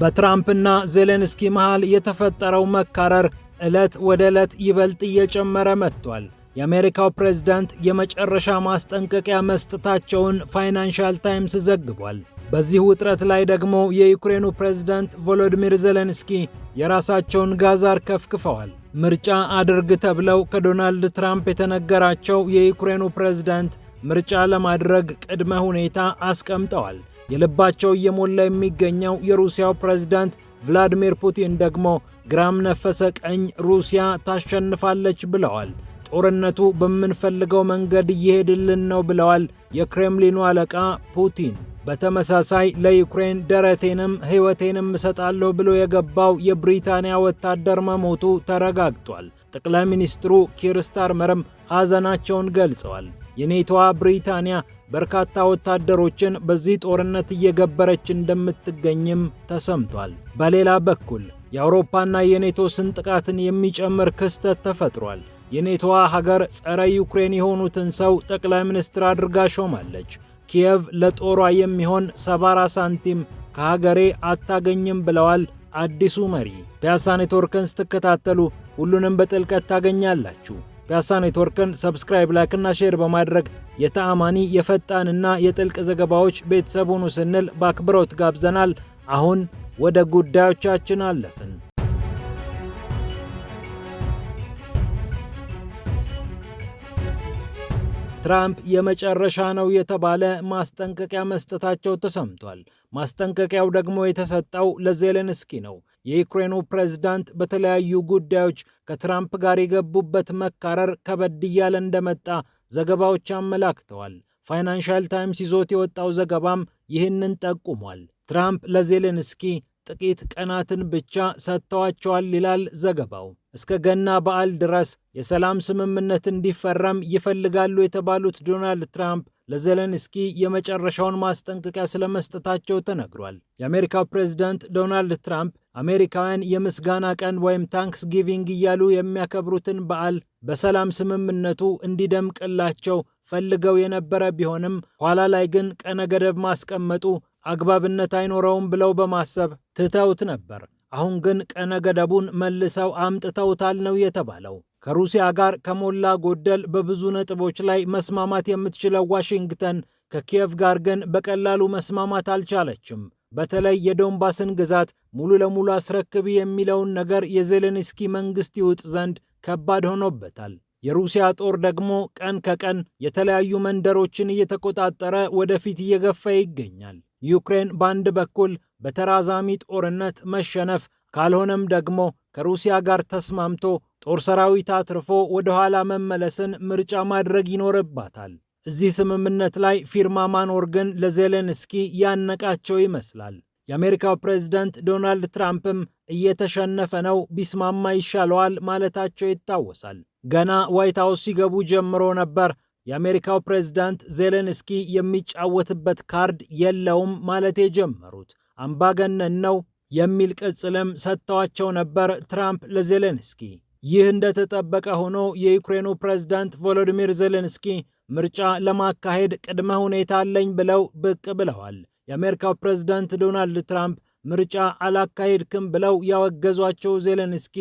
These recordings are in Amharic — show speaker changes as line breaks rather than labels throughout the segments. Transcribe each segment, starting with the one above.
በትራምፕና ዜሌንስኪ መሃል የተፈጠረው መካረር ዕለት ወደ ዕለት ይበልጥ እየጨመረ መጥቷል። የአሜሪካው ፕሬዝዳንት የመጨረሻ ማስጠንቀቂያ መስጠታቸውን ፋይናንሻል ታይምስ ዘግቧል። በዚህ ውጥረት ላይ ደግሞ የዩክሬኑ ፕሬዝዳንት ቮሎዲሚር ዜሌንስኪ የራሳቸውን ጋዛር ከፍክፈዋል። ምርጫ አድርግ ተብለው ከዶናልድ ትራምፕ የተነገራቸው የዩክሬኑ ፕሬዝዳንት ምርጫ ለማድረግ ቅድመ ሁኔታ አስቀምጠዋል። የልባቸው እየሞላ የሚገኘው የሩሲያው ፕሬዝዳንት ቭላዲሚር ፑቲን ደግሞ ግራም ነፈሰ ቀኝ ሩሲያ ታሸንፋለች ብለዋል። ጦርነቱ በምንፈልገው መንገድ እየሄድልን ነው ብለዋል የክሬምሊኑ አለቃ ፑቲን። በተመሳሳይ ለዩክሬን ደረቴንም ሕይወቴንም እሰጣለሁ ብሎ የገባው የብሪታንያ ወታደር መሞቱ ተረጋግጧል። ጠቅላይ ሚኒስትሩ ኪር ስታርመርም ሐዘናቸውን ገልጸዋል። የኔቶዋ ብሪታንያ በርካታ ወታደሮችን በዚህ ጦርነት እየገበረች እንደምትገኝም ተሰምቷል። በሌላ በኩል የአውሮፓና የኔቶ ስንጥቃትን የሚጨምር ክስተት ተፈጥሯል። የኔቶዋ ሀገር ጸረ ዩክሬን የሆኑትን ሰው ጠቅላይ ሚኒስትር አድርጋ ሾማለች። ኪየቭ ለጦሯ የሚሆን 74 ሳንቲም ከሀገሬ አታገኝም ብለዋል አዲሱ መሪ። ፒያሳ ኔትወርክን ስትከታተሉ ሁሉንም በጥልቀት ታገኛላችሁ። ፒያሳ ኔትወርክን ሰብስክራይብ፣ ላይክና ሼር በማድረግ የተአማኒ የፈጣንና የጥልቅ ዘገባዎች ቤተሰብ ሁኑ ስንል በአክብሮት ጋብዘናል። አሁን ወደ ጉዳዮቻችን አለፍን። ትራምፕ የመጨረሻ ነው የተባለ ማስጠንቀቂያ መስጠታቸው ተሰምቷል። ማስጠንቀቂያው ደግሞ የተሰጠው ለዜሌንስኪ ነው። የዩክሬኑ ፕሬዝዳንት በተለያዩ ጉዳዮች ከትራምፕ ጋር የገቡበት መካረር ከበድ እያለ እንደመጣ ዘገባዎች አመላክተዋል። ፋይናንሻል ታይምስ ይዞት የወጣው ዘገባም ይህንን ጠቁሟል። ትራምፕ ለዜሌንስኪ ጥቂት ቀናትን ብቻ ሰጥተዋቸዋል ይላል ዘገባው። እስከ ገና በዓል ድረስ የሰላም ስምምነት እንዲፈረም ይፈልጋሉ የተባሉት ዶናልድ ትራምፕ ለዘለንስኪ የመጨረሻውን ማስጠንቀቂያ ስለመስጠታቸው ተነግሯል። የአሜሪካው ፕሬዝዳንት ዶናልድ ትራምፕ አሜሪካውያን የምስጋና ቀን ወይም ታንክስ ጊቪንግ እያሉ የሚያከብሩትን በዓል በሰላም ስምምነቱ እንዲደምቅላቸው ፈልገው የነበረ ቢሆንም ኋላ ላይ ግን ቀነ ገደብ ማስቀመጡ አግባብነት አይኖረውም ብለው በማሰብ ትተውት ነበር። አሁን ግን ቀነ ገደቡን መልሰው አምጥተውታል ነው የተባለው። ከሩሲያ ጋር ከሞላ ጎደል በብዙ ነጥቦች ላይ መስማማት የምትችለው ዋሽንግተን ከኪየቭ ጋር ግን በቀላሉ መስማማት አልቻለችም። በተለይ የዶንባስን ግዛት ሙሉ ለሙሉ አስረክቢ የሚለውን ነገር የዜሌንስኪ መንግስት ይውጥ ዘንድ ከባድ ሆኖበታል። የሩሲያ ጦር ደግሞ ቀን ከቀን የተለያዩ መንደሮችን እየተቆጣጠረ ወደፊት እየገፋ ይገኛል። ዩክሬን በአንድ በኩል በተራዛሚ ጦርነት መሸነፍ ካልሆነም ደግሞ ከሩሲያ ጋር ተስማምቶ ጦር ሰራዊት አትርፎ ወደ ኋላ መመለስን ምርጫ ማድረግ ይኖርባታል። እዚህ ስምምነት ላይ ፊርማ ማኖር ግን ለዜሌንስኪ ያነቃቸው ይመስላል። የአሜሪካው ፕሬዝደንት ዶናልድ ትራምፕም እየተሸነፈ ነው፣ ቢስማማ ይሻለዋል ማለታቸው ይታወሳል። ገና ዋይት ሀውስ ሲገቡ ጀምሮ ነበር የአሜሪካው ፕሬዝዳንት ዜሌንስኪ የሚጫወትበት ካርድ የለውም ማለት የጀመሩት አምባገነን ነው የሚል ቅጽልም ሰጥተዋቸው ነበር ትራምፕ ለዜሌንስኪ። ይህ እንደተጠበቀ ሆኖ የዩክሬኑ ፕሬዝዳንት ቮሎዲሚር ዜሌንስኪ ምርጫ ለማካሄድ ቅድመ ሁኔታ አለኝ ብለው ብቅ ብለዋል። የአሜሪካው ፕሬዝዳንት ዶናልድ ትራምፕ ምርጫ አላካሄድክም ብለው ያወገዟቸው ዜሌንስኪ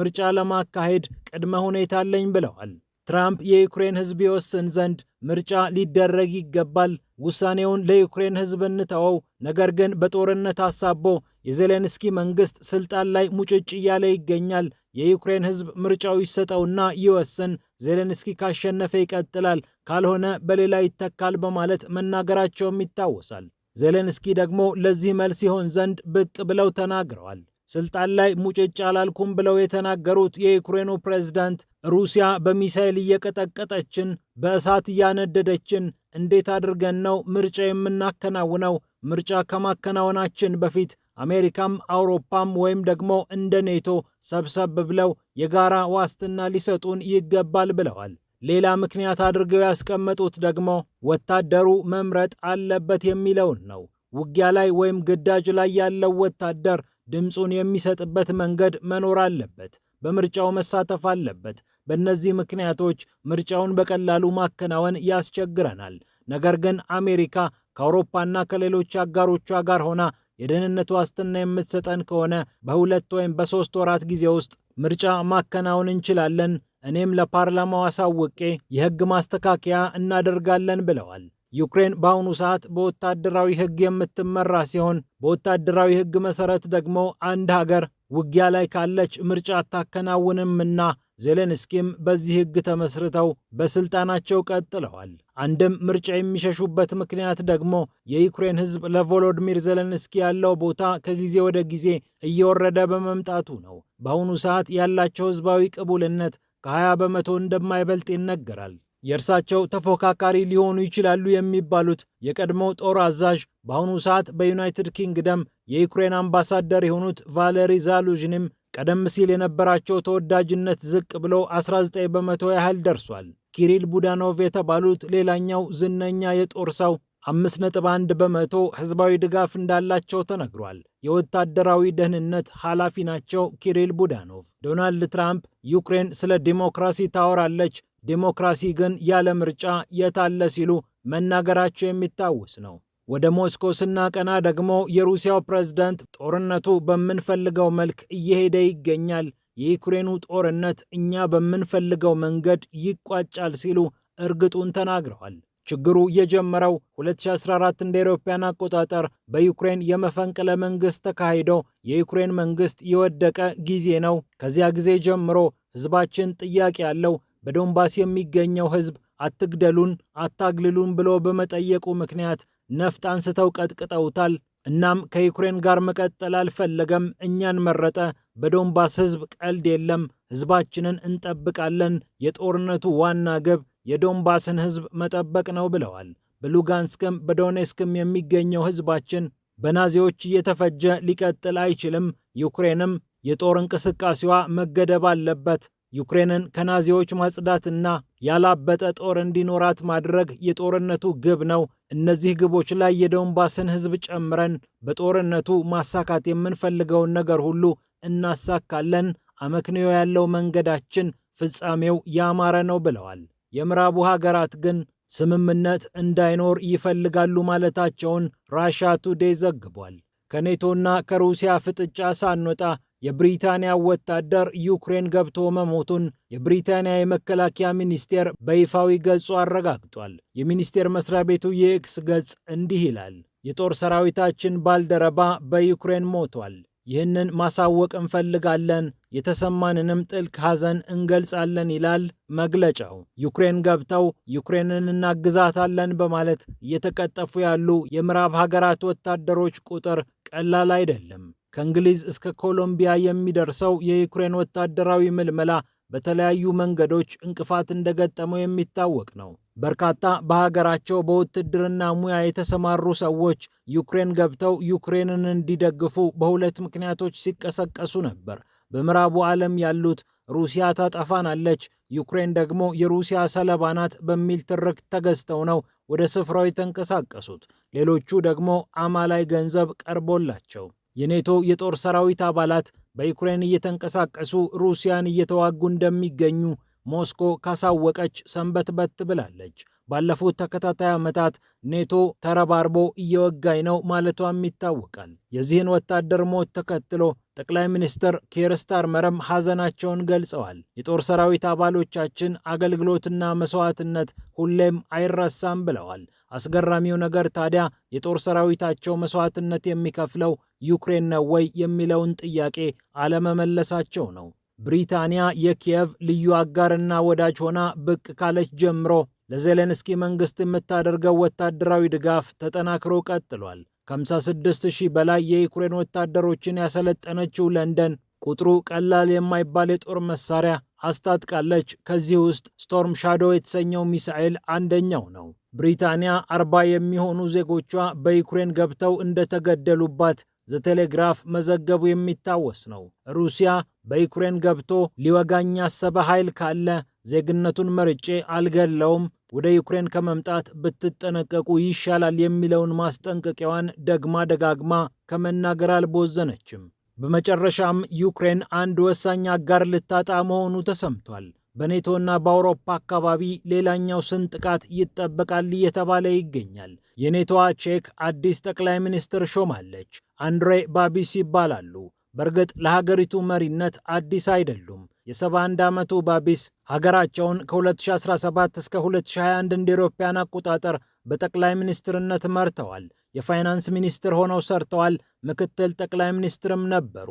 ምርጫ ለማካሄድ ቅድመ ሁኔታ አለኝ ብለዋል። ትራምፕ የዩክሬን ሕዝብ ይወስን ዘንድ ምርጫ ሊደረግ ይገባል፣ ውሳኔውን ለዩክሬን ሕዝብ እንተወው፣ ነገር ግን በጦርነት አሳቦ የዜሌንስኪ መንግስት ስልጣን ላይ ሙጭጭ እያለ ይገኛል፣ የዩክሬን ሕዝብ ምርጫው ይሰጠውና ይወስን፣ ዜሌንስኪ ካሸነፈ ይቀጥላል፣ ካልሆነ በሌላ ይተካል በማለት መናገራቸውም ይታወሳል። ዜሌንስኪ ደግሞ ለዚህ መልስ ይሆን ዘንድ ብቅ ብለው ተናግረዋል። ስልጣን ላይ ሙጭጭ አላልኩም ብለው የተናገሩት የዩክሬኑ ፕሬዝዳንት ሩሲያ በሚሳይል እየቀጠቀጠችን፣ በእሳት እያነደደችን እንዴት አድርገን ነው ምርጫ የምናከናውነው? ምርጫ ከማከናወናችን በፊት አሜሪካም አውሮፓም ወይም ደግሞ እንደ ኔቶ ሰብሰብ ብለው የጋራ ዋስትና ሊሰጡን ይገባል ብለዋል። ሌላ ምክንያት አድርገው ያስቀመጡት ደግሞ ወታደሩ መምረጥ አለበት የሚለውን ነው። ውጊያ ላይ ወይም ግዳጅ ላይ ያለው ወታደር ድምፁን የሚሰጥበት መንገድ መኖር አለበት። በምርጫው መሳተፍ አለበት። በእነዚህ ምክንያቶች ምርጫውን በቀላሉ ማከናወን ያስቸግረናል። ነገር ግን አሜሪካ ከአውሮፓና ከሌሎች አጋሮቿ ጋር ሆና የደህንነት ዋስትና የምትሰጠን ከሆነ በሁለት ወይም በሶስት ወራት ጊዜ ውስጥ ምርጫ ማከናወን እንችላለን። እኔም ለፓርላማው አሳውቄ የህግ ማስተካከያ እናደርጋለን ብለዋል። ዩክሬን በአሁኑ ሰዓት በወታደራዊ ሕግ የምትመራ ሲሆን በወታደራዊ ሕግ መሰረት ደግሞ አንድ ሀገር ውጊያ ላይ ካለች ምርጫ አታከናውንምና ዜሌንስኪም በዚህ ሕግ ተመስርተው በስልጣናቸው ቀጥለዋል። አንድም ምርጫ የሚሸሹበት ምክንያት ደግሞ የዩክሬን ሕዝብ ለቮሎዲሚር ዜሌንስኪ ያለው ቦታ ከጊዜ ወደ ጊዜ እየወረደ በመምጣቱ ነው። በአሁኑ ሰዓት ያላቸው ሕዝባዊ ቅቡልነት ከ20 በመቶ እንደማይበልጥ ይነገራል። የእርሳቸው ተፎካካሪ ሊሆኑ ይችላሉ የሚባሉት የቀድሞ ጦር አዛዥ በአሁኑ ሰዓት በዩናይትድ ኪንግደም የዩክሬን አምባሳደር የሆኑት ቫለሪ ዛሉዥንም ቀደም ሲል የነበራቸው ተወዳጅነት ዝቅ ብሎ 19 በመቶ ያህል ደርሷል። ኪሪል ቡዳኖቭ የተባሉት ሌላኛው ዝነኛ የጦር ሰው 5.1 በመቶ ህዝባዊ ድጋፍ እንዳላቸው ተነግሯል። የወታደራዊ ደህንነት ኃላፊ ናቸው ኪሪል ቡዳኖቭ። ዶናልድ ትራምፕ ዩክሬን ስለ ዲሞክራሲ ታወራለች ዴሞክራሲ ግን ያለ ምርጫ የታለ ሲሉ መናገራቸው የሚታወስ ነው። ወደ ሞስኮ ስናቀና ደግሞ የሩሲያው ፕሬዝዳንት ጦርነቱ በምንፈልገው መልክ እየሄደ ይገኛል፣ የዩክሬኑ ጦርነት እኛ በምንፈልገው መንገድ ይቋጫል ሲሉ እርግጡን ተናግረዋል። ችግሩ የጀመረው 2014 እንደ አውሮፓውያን አቆጣጠር በዩክሬን የመፈንቅለ መንግስት ተካሂዶ የዩክሬን መንግስት የወደቀ ጊዜ ነው። ከዚያ ጊዜ ጀምሮ ህዝባችን ጥያቄ ያለው በዶንባስ የሚገኘው ህዝብ አትግደሉን፣ አታግልሉን ብሎ በመጠየቁ ምክንያት ነፍጥ አንስተው ቀጥቅጠውታል። እናም ከዩክሬን ጋር መቀጠል አልፈለገም፣ እኛን መረጠ። በዶንባስ ህዝብ ቀልድ የለም፣ ህዝባችንን እንጠብቃለን። የጦርነቱ ዋና ግብ የዶንባስን ህዝብ መጠበቅ ነው ብለዋል። በሉጋንስክም በዶኔስክም የሚገኘው ህዝባችን በናዚዎች እየተፈጀ ሊቀጥል አይችልም። ዩክሬንም የጦር እንቅስቃሴዋ መገደብ አለበት። ዩክሬንን ከናዚዎች ማጽዳትና ያላበጠ ጦር እንዲኖራት ማድረግ የጦርነቱ ግብ ነው። እነዚህ ግቦች ላይ የዶንባስን ሕዝብ ጨምረን በጦርነቱ ማሳካት የምንፈልገውን ነገር ሁሉ እናሳካለን። አመክንዮ ያለው መንገዳችን ፍጻሜው ያማረ ነው ብለዋል። የምዕራቡ ሀገራት ግን ስምምነት እንዳይኖር ይፈልጋሉ ማለታቸውን ራሻ ቱዴይ ዘግቧል። ከኔቶና ከሩሲያ ፍጥጫ ሳንወጣ የብሪታንያ ወታደር ዩክሬን ገብቶ መሞቱን የብሪታንያ የመከላከያ ሚኒስቴር በይፋዊ ገጹ አረጋግጧል። የሚኒስቴር መስሪያ ቤቱ የኤክስ ገጽ እንዲህ ይላል፣ የጦር ሰራዊታችን ባልደረባ በዩክሬን ሞቷል። ይህንን ማሳወቅ እንፈልጋለን፣ የተሰማንንም ጥልቅ ሐዘን እንገልጻለን ይላል መግለጫው። ዩክሬን ገብተው ዩክሬንን እናግዛታለን በማለት እየተቀጠፉ ያሉ የምዕራብ ሀገራት ወታደሮች ቁጥር ቀላል አይደለም። ከእንግሊዝ እስከ ኮሎምቢያ የሚደርሰው የዩክሬን ወታደራዊ ምልመላ በተለያዩ መንገዶች እንቅፋት እንደገጠመው የሚታወቅ ነው። በርካታ በሀገራቸው በውትድርና ሙያ የተሰማሩ ሰዎች ዩክሬን ገብተው ዩክሬንን እንዲደግፉ በሁለት ምክንያቶች ሲቀሰቀሱ ነበር። በምዕራቡ ዓለም ያሉት ሩሲያ ታጠፋናለች፣ ዩክሬን ደግሞ የሩሲያ ሰለባ ናት በሚል ትርክት ተገዝተው ነው ወደ ስፍራው የተንቀሳቀሱት። ሌሎቹ ደግሞ አማላይ ገንዘብ ቀርቦላቸው የኔቶ የጦር ሰራዊት አባላት በዩክሬን እየተንቀሳቀሱ ሩሲያን እየተዋጉ እንደሚገኙ ሞስኮ ካሳወቀች ሰንበት በት ብላለች። ባለፉት ተከታታይ ዓመታት ኔቶ ተረባርቦ እየወጋኝ ነው ማለቷም ይታወቃል። የዚህን ወታደር ሞት ተከትሎ ጠቅላይ ሚኒስትር ኬር ስታርመርም ሐዘናቸውን ገልጸዋል። የጦር ሰራዊት አባሎቻችን አገልግሎትና መስዋዕትነት ሁሌም አይረሳም ብለዋል። አስገራሚው ነገር ታዲያ የጦር ሰራዊታቸው መስዋዕትነት የሚከፍለው ዩክሬን ነው ወይ የሚለውን ጥያቄ አለመመለሳቸው ነው። ብሪታንያ የኪየቭ ልዩ አጋርና ወዳጅ ሆና ብቅ ካለች ጀምሮ ለዜሌንስኪ መንግስት የምታደርገው ወታደራዊ ድጋፍ ተጠናክሮ ቀጥሏል። ከ56 ሺህ በላይ የዩክሬን ወታደሮችን ያሰለጠነችው ለንደን ቁጥሩ ቀላል የማይባል የጦር መሳሪያ አስታጥቃለች። ከዚህ ውስጥ ስቶርም ሻዶ የተሰኘው ሚሳኤል አንደኛው ነው። ብሪታንያ አርባ የሚሆኑ ዜጎቿ በዩክሬን ገብተው እንደተገደሉባት ዘቴሌግራፍ መዘገቡ የሚታወስ ነው። ሩሲያ በዩክሬን ገብቶ ሊወጋኝ ያሰበ ኃይል ካለ ዜግነቱን መርጬ አልገለውም ወደ ዩክሬን ከመምጣት ብትጠነቀቁ ይሻላል የሚለውን ማስጠንቀቂያዋን ደግማ ደጋግማ ከመናገር አልቦዘነችም። በመጨረሻም ዩክሬን አንድ ወሳኝ አጋር ልታጣ መሆኑ ተሰምቷል። በኔቶና በአውሮፓ አካባቢ ሌላኛው ጥቃት ይጠበቃል እየተባለ ይገኛል። የኔቶዋ ቼክ አዲስ ጠቅላይ ሚኒስትር ሾማለች። አንድሬ ባቢስ ይባላሉ። በእርግጥ ለሀገሪቱ መሪነት አዲስ አይደሉም። የ71 ዓመቱ ባቢስ ሀገራቸውን ከ2017 እስከ 2021 እንደ ኢሮፓያን አቆጣጠር በጠቅላይ ሚኒስትርነት መርተዋል። የፋይናንስ ሚኒስትር ሆነው ሰርተዋል። ምክትል ጠቅላይ ሚኒስትርም ነበሩ።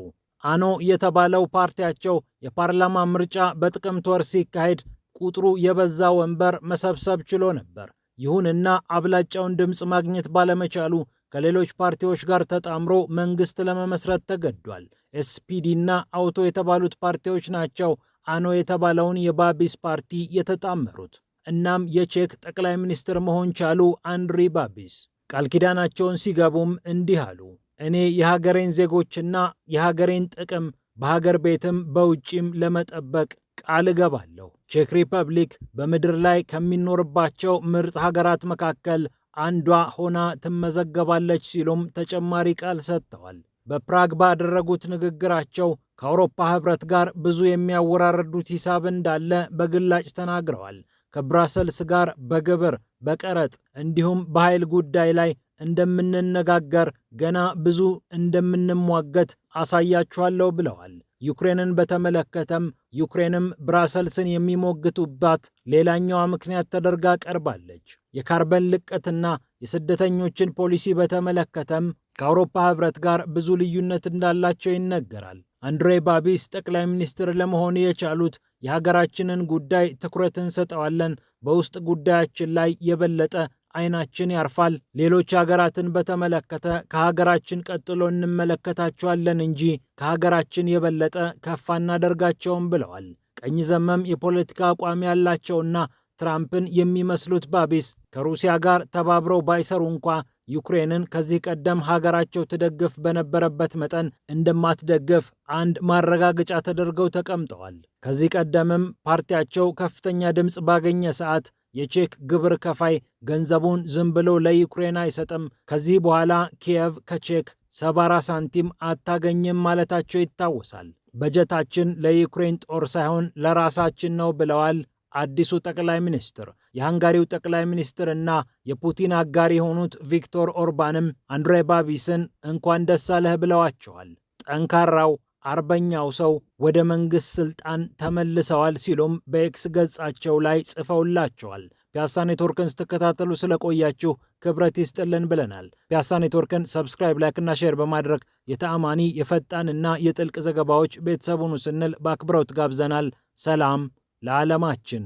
አኖ የተባለው ፓርቲያቸው የፓርላማ ምርጫ በጥቅምት ወር ሲካሄድ ቁጥሩ የበዛ ወንበር መሰብሰብ ችሎ ነበር። ይሁንና አብላጫውን ድምፅ ማግኘት ባለመቻሉ ከሌሎች ፓርቲዎች ጋር ተጣምሮ መንግስት ለመመስረት ተገዷል። ኤስፒዲ እና አውቶ የተባሉት ፓርቲዎች ናቸው አኖ የተባለውን የባቢስ ፓርቲ የተጣመሩት። እናም የቼክ ጠቅላይ ሚኒስትር መሆን ቻሉ አንድሪ ባቢስ። ቃል ኪዳናቸውን ሲገቡም እንዲህ አሉ። እኔ የሀገሬን ዜጎችና የሀገሬን ጥቅም በሀገር ቤትም በውጪም ለመጠበቅ ቃል እገባለሁ። ቼክ ሪፐብሊክ በምድር ላይ ከሚኖርባቸው ምርጥ ሀገራት መካከል አንዷ ሆና ትመዘገባለች ሲሉም ተጨማሪ ቃል ሰጥተዋል። በፕራግ ባደረጉት ንግግራቸው ከአውሮፓ ህብረት ጋር ብዙ የሚያወራረዱት ሂሳብ እንዳለ በግላጭ ተናግረዋል። ከብራሰልስ ጋር በግብር በቀረጥ እንዲሁም በኃይል ጉዳይ ላይ እንደምንነጋገር ገና ብዙ እንደምንሟገት አሳያችኋለሁ ብለዋል። ዩክሬንን በተመለከተም ዩክሬንም ብራሰልስን የሚሞግቱባት ሌላኛዋ ምክንያት ተደርጋ ቀርባለች። የካርበን ልቀትና የስደተኞችን ፖሊሲ በተመለከተም ከአውሮፓ ህብረት ጋር ብዙ ልዩነት እንዳላቸው ይነገራል። አንድሬ ባቢስ ጠቅላይ ሚኒስትር ለመሆን የቻሉት የሀገራችንን ጉዳይ ትኩረት እንሰጠዋለን፣ በውስጥ ጉዳያችን ላይ የበለጠ አይናችን ያርፋል። ሌሎች ሀገራትን በተመለከተ ከሀገራችን ቀጥሎ እንመለከታቸዋለን እንጂ ከሀገራችን የበለጠ ከፍ አናደርጋቸውም ብለዋል። ቀኝ ዘመም የፖለቲካ አቋም ያላቸውና ትራምፕን የሚመስሉት ባቢስ ከሩሲያ ጋር ተባብረው ባይሰሩ እንኳ ዩክሬንን ከዚህ ቀደም ሀገራቸው ትደግፍ በነበረበት መጠን እንደማትደግፍ አንድ ማረጋገጫ ተደርገው ተቀምጠዋል። ከዚህ ቀደምም ፓርቲያቸው ከፍተኛ ድምፅ ባገኘ ሰዓት የቼክ ግብር ከፋይ ገንዘቡን ዝም ብሎ ለዩክሬን አይሰጥም፣ ከዚህ በኋላ ኪየቭ ከቼክ 74 ሳንቲም አታገኝም ማለታቸው ይታወሳል። በጀታችን ለዩክሬን ጦር ሳይሆን ለራሳችን ነው ብለዋል አዲሱ ጠቅላይ ሚኒስትር። የሃንጋሪው ጠቅላይ ሚኒስትር እና የፑቲን አጋር የሆኑት ቪክቶር ኦርባንም አንድሬ ባቢስን እንኳን ደስ አለህ ብለዋቸዋል። ጠንካራው አርበኛው ሰው ወደ መንግሥት ሥልጣን ተመልሰዋል ሲሉም በኤክስ ገጻቸው ላይ ጽፈውላቸዋል። ፒያሳ ኔትወርክን ስትከታተሉ ስለቆያችሁ ክብረት ይስጥልን ብለናል። ፒያሳ ኔትወርክን ሰብስክራይብ፣ ላይክና ሼር በማድረግ የተአማኒ የፈጣንና የጥልቅ ዘገባዎች ቤተሰቡን ስንል በአክብሮት ጋብዘናል። ሰላም ለዓለማችን።